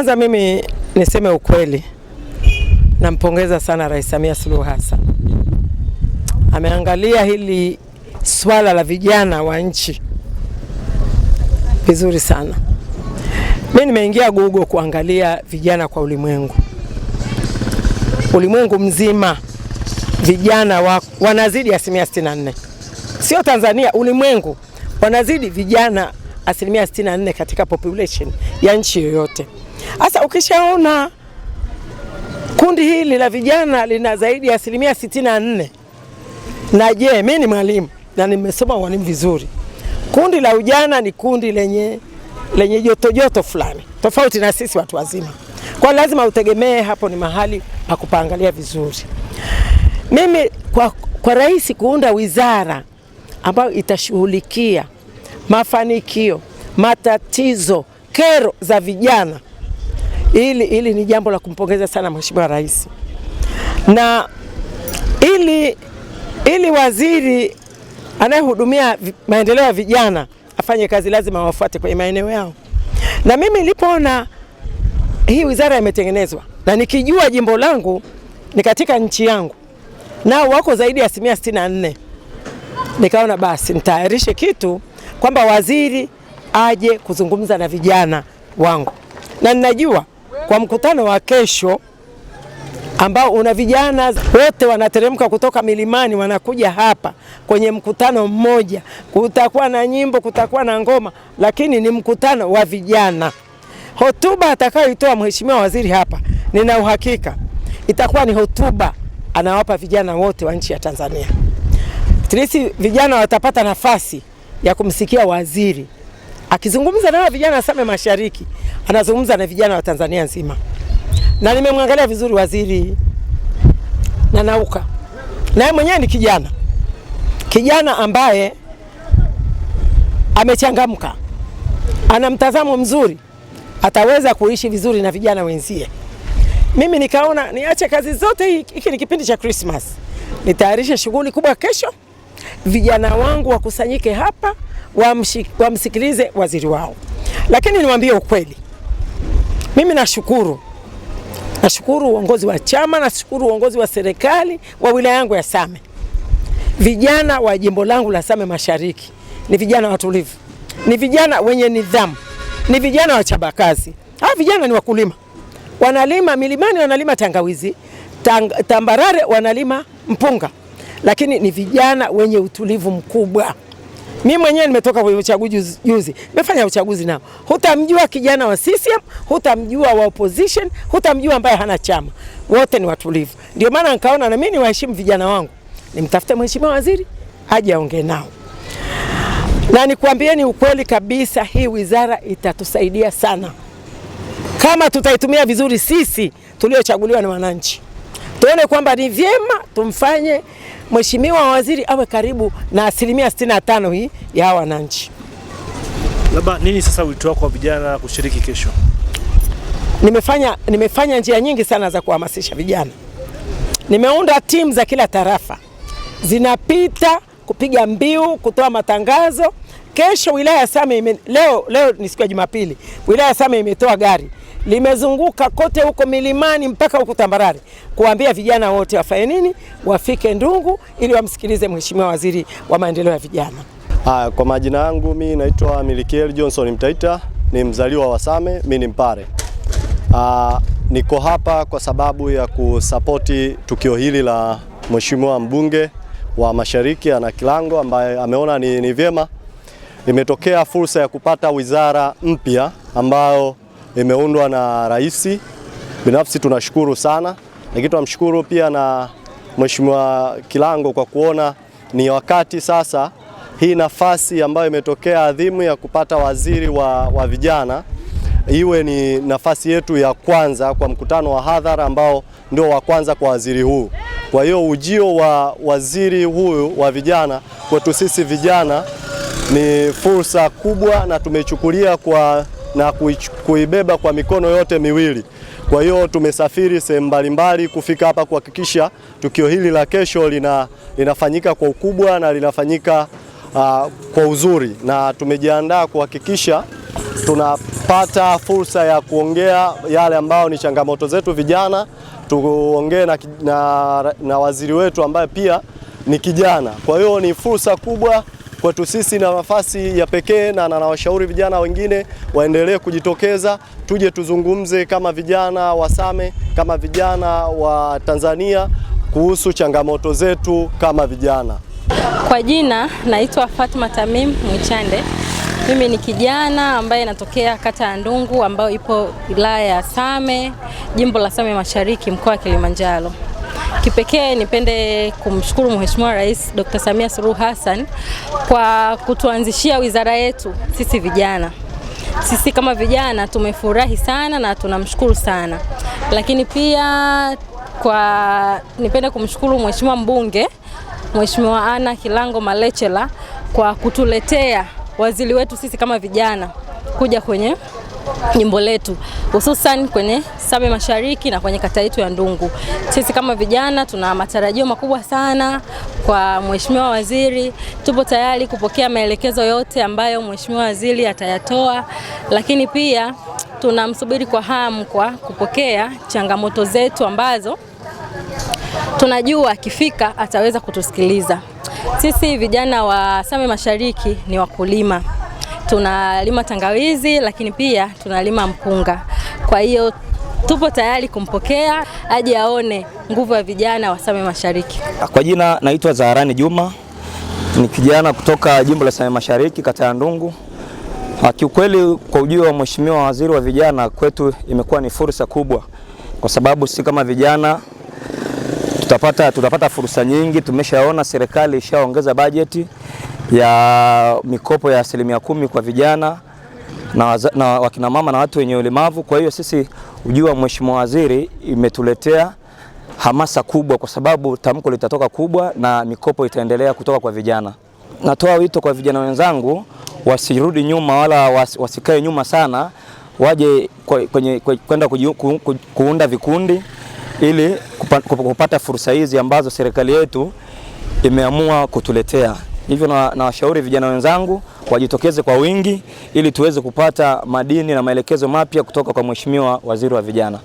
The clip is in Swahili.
Kwanza mimi niseme ukweli, nampongeza sana Rais Samia Suluhu Hassan, ameangalia hili swala la vijana wa nchi vizuri sana. Mimi nimeingia Google kuangalia vijana kwa ulimwengu, ulimwengu mzima vijana wa, wanazidi asilimia 64, sio Tanzania, ulimwengu wanazidi vijana asilimia 64 katika population ya nchi yoyote. Sasa ukishaona kundi hili la vijana lina zaidi ya asilimia sitini na nne na je, mi ni mwalimu na nimesoma ualimu vizuri. Kundi la ujana ni kundi lenye lenye joto joto fulani tofauti na sisi watu wazima, kwa lazima utegemee hapo ni mahali pa kupangalia vizuri. Mimi kwa, kwa rais kuunda wizara ambayo itashughulikia mafanikio, matatizo, kero za vijana Hili hili ni jambo la kumpongeza sana Mheshimiwa Rais, na ili ili waziri anayehudumia maendeleo ya vijana afanye kazi, lazima wafuate kwenye maeneo yao. Na mimi nilipoona hii wizara imetengenezwa na nikijua jimbo langu ni katika nchi yangu, nao wako zaidi ya asilimia sitini na nne, nikaona basi nitayarishe kitu kwamba waziri aje kuzungumza na vijana wangu, na ninajua kwa mkutano wa kesho ambao una vijana wote wanateremka kutoka milimani wanakuja hapa kwenye mkutano mmoja. Kutakuwa na nyimbo, kutakuwa na ngoma, lakini ni mkutano wa vijana. Hotuba atakayoitoa mheshimiwa waziri hapa, nina uhakika itakuwa ni hotuba anawapa vijana wote wa nchi ya Tanzania. Trisi vijana watapata nafasi ya kumsikia waziri akizungumza na vijana wa Same Mashariki anazungumza na vijana wa Tanzania nzima, na nimemwangalia vizuri waziri na nauka naye mwenyewe ni kijana kijana ambaye amechangamka, ana mtazamo mzuri, ataweza kuishi vizuri na vijana wenzie. Mimi nikaona niache kazi zote, hiki ni kipindi cha Christmas, nitayarishe shughuli kubwa kesho, vijana wangu wakusanyike hapa wamsikilize wa waziri wao. Lakini niwaambie ukweli, mimi nashukuru, nashukuru uongozi wa chama, nashukuru uongozi wa serikali wa wilaya yangu ya Same. Vijana wa jimbo langu la Same Mashariki ni vijana watulivu, ni vijana wenye nidhamu, ni vijana wachapakazi. Hawa vijana ni wakulima, wanalima milimani, wanalima tangawizi tang, tambarare, wanalima mpunga, lakini ni vijana wenye utulivu mkubwa. Mimi mwenyewe nimetoka kwenye uchaguzi juzi, nimefanya uchaguzi nao, hutamjua kijana wa CCM, hutamjua wa opposition, hutamjua ambaye hana chama, wote ni watulivu. Ndio maana nikaona na mimi niwaheshimu vijana wangu, nimtafute mheshimiwa waziri aje aongee nao, na nikwambieni ukweli kabisa, hii wizara itatusaidia sana kama tutaitumia vizuri, sisi tuliochaguliwa na wananchi, tuone kwamba ni vyema tumfanye mheshimiwa waziri awe karibu na asilimia 65 hii ya wananchi. Labda nini sasa wito wako kwa vijana kushiriki kesho? Nimefanya, nimefanya njia nyingi sana za kuhamasisha vijana. Nimeunda timu za kila tarafa zinapita kupiga mbiu, kutoa matangazo. Kesho wilaya ya Same ime, leo, leo ni siku ya Jumapili, wilaya ya Same imetoa gari limezunguka kote huko milimani mpaka huko tambarare kuambia vijana wote wafanye nini, wafike Ndungu ili wamsikilize Mheshimiwa Waziri wa Maendeleo ya Vijana. Aa, kwa majina yangu mi naitwa Milikiel Johnson Mtaita, ni mzaliwa wa Same, mi ni Mpare. Aa, ah, niko hapa kwa sababu ya kusapoti tukio hili la Mheshimiwa mbunge wa Mashariki ana Kilango ambaye ameona ni, ni vyema imetokea fursa ya kupata wizara mpya ambayo imeundwa na rais. Binafsi tunashukuru sana, lakini tunamshukuru pia na Mheshimiwa Kilango kwa kuona ni wakati sasa hii nafasi ambayo imetokea adhimu ya kupata waziri wa, wa vijana iwe ni nafasi yetu ya kwanza kwa mkutano wa hadhara ambao ndio wa kwanza kwa waziri huu. Kwa hiyo ujio wa waziri huyu wa vijana kwetu sisi vijana ni fursa kubwa na tumechukulia kwa na kuibeba kwa mikono yote miwili. Kwa hiyo tumesafiri sehemu mbalimbali kufika hapa kuhakikisha tukio hili la kesho lina, linafanyika kwa ukubwa na linafanyika uh, kwa uzuri na tumejiandaa kuhakikisha tunapata fursa ya kuongea yale ambayo ni changamoto zetu vijana, tuongee na, na, na waziri wetu ambaye pia ni kijana. Kwa hiyo ni fursa kubwa Kwetu sisi na nafasi ya pekee, na nawashauri vijana wengine waendelee kujitokeza, tuje tuzungumze kama vijana wa Same, kama vijana wa Tanzania kuhusu changamoto zetu kama vijana. Kwa jina naitwa Fatma Tamim Mwichande. Mimi ni kijana ambaye natokea kata ya Ndungu ambayo ipo wilaya ya Same, jimbo la Same Mashariki, mkoa wa Kilimanjaro. Kipekee nipende kumshukuru Mheshimiwa Rais Dr. Samia Suluhu Hassan kwa kutuanzishia wizara yetu sisi vijana. Sisi kama vijana tumefurahi sana na tunamshukuru sana, lakini pia kwa nipende kumshukuru Mheshimiwa mbunge Mheshimiwa Ana Kilango malechela kwa kutuletea waziri wetu sisi kama vijana kuja kwenye jimbo letu hususan kwenye Same Mashariki na kwenye kata yetu ya Ndungu. Sisi kama vijana tuna matarajio makubwa sana kwa Mheshimiwa Waziri. Tupo tayari kupokea maelekezo yote ambayo Mheshimiwa Waziri atayatoa, lakini pia tunamsubiri kwa hamu kwa kupokea changamoto zetu ambazo tunajua akifika ataweza kutusikiliza. Sisi vijana wa Same Mashariki ni wakulima tunalima tangawizi, lakini pia tunalima mpunga. Kwa hiyo tupo tayari kumpokea aje aone nguvu ya vijana wa Same Mashariki. Kwa jina naitwa Zaharani Juma, ni kijana kutoka jimbo la Same Mashariki, kata ya Ndungu. Ah, kiukweli, kwa ujio wa Mheshimiwa Waziri wa Vijana, kwetu imekuwa ni fursa kubwa, kwa sababu si kama vijana tutapata, tutapata fursa nyingi. Tumeshaona serikali ishaongeza bajeti ya mikopo ya asilimia kumi kwa vijana na, na wakinamama na watu wenye ulemavu. Kwa hiyo sisi ujua, Mheshimiwa Waziri, imetuletea hamasa kubwa kwa sababu tamko litatoka kubwa na mikopo itaendelea kutoka kwa vijana. Natoa wito kwa vijana wenzangu wasirudi nyuma wala was, wasikae nyuma sana, waje kwenye kwenda ku, kuunda vikundi ili kupata fursa hizi ambazo serikali yetu imeamua kutuletea. Hivyo nawashauri na vijana wenzangu wajitokeze kwa wingi ili tuweze kupata madini na maelekezo mapya kutoka kwa Mheshimiwa Waziri wa Vijana.